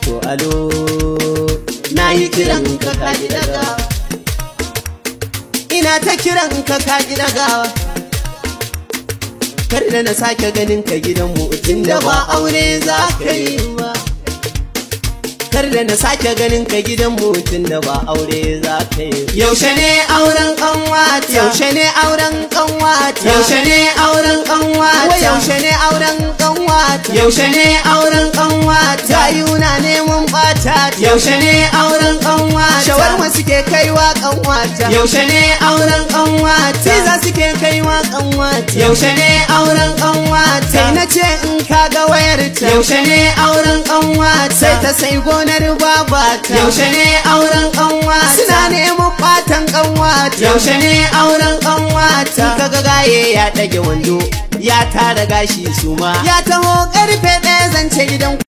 To alo. Na yi kiran ka kaji dagawa. Ina ta kiran ka kaji dagawa. Kar da na sake ganin ka gidan gidanmu tunda ba aure za ka yi ba. Kar da na sake ganin ka gidan gidanmu tunda ba aure za ka yi. Yaushe ne auren kanwata. Yaushe ne auren kanwata. Yaushe ne auren kanwata. Yaushe ne auren kanwata. yaushe ne auren ƙanwata gayuna neman ɓata yaushe ne auren ƙanwata shawarma suke kaiwa ƙanwata yaushe ne auren ƙanwata tiza suke kaiwa ƙanwata yaushe ne auren ƙanwata sai na ce in ka ga wayarta yaushe ne auren ƙanwata sai ta sai gonar babata yaushe ne auren ƙanwata suna neman ɓatan ƙanwata yaushe ne auren ƙanwata kaga gaye ya ɗage wando ya tara gashi suma ya taho karfe ɗaya zance gidan